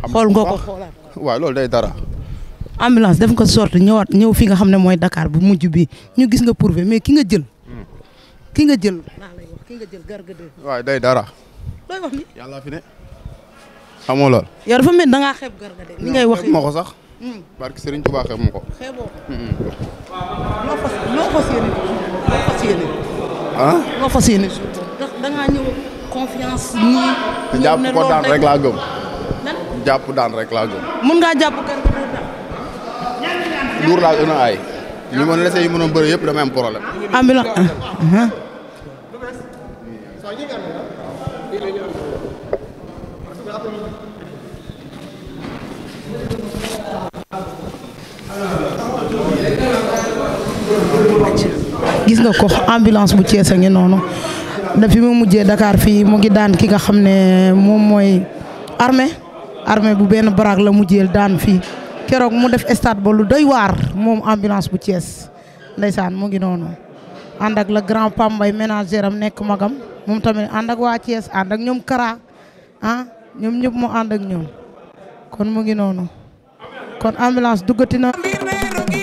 xool nga ko loolu day dara. ambulance def nga sort ñëwaat ñëw fii nga xam ne mooy dakaar bu mujj bi ñu gis nga prouvé mais ki nga jël. Hmm. ki nga jël nga jël garga de. day dara. looy fi ne. xamoo lool. yow dafa mel da xeeb garga de. ni ngay wax ma sax. Hmm. barke ko. xeeboo hmm, ñëw confiance. ñii ñëw ne loolu rek jàpp ko daan rek gëm. jàpp daan rek laa gëm. mun ngaa jàpp kan. duur laa gën a aay. ñu mën lese yi mënoon bëre yëpp dama am problème. ambulance. Uh-huh. gis nga ko ambulance bu Thiès a ngi noonu depuis mu mujjee Dakar fii mu ngi daan ki nga xam ne moom mooy armée armée bu benn baraag la mu jël daan fii keroog mu def stade ba lu doy waar moom ambulance bu Thiès ndeysaan mu ngi noonu ànd ak la grand pambay ménagère am nekk magam moom tamit ànd ak waa Thiès ànd ak ñoom Kara ah ñoom ñëpp mu ànd ak ñoom kon mu ngi noonu kon ambulance duggati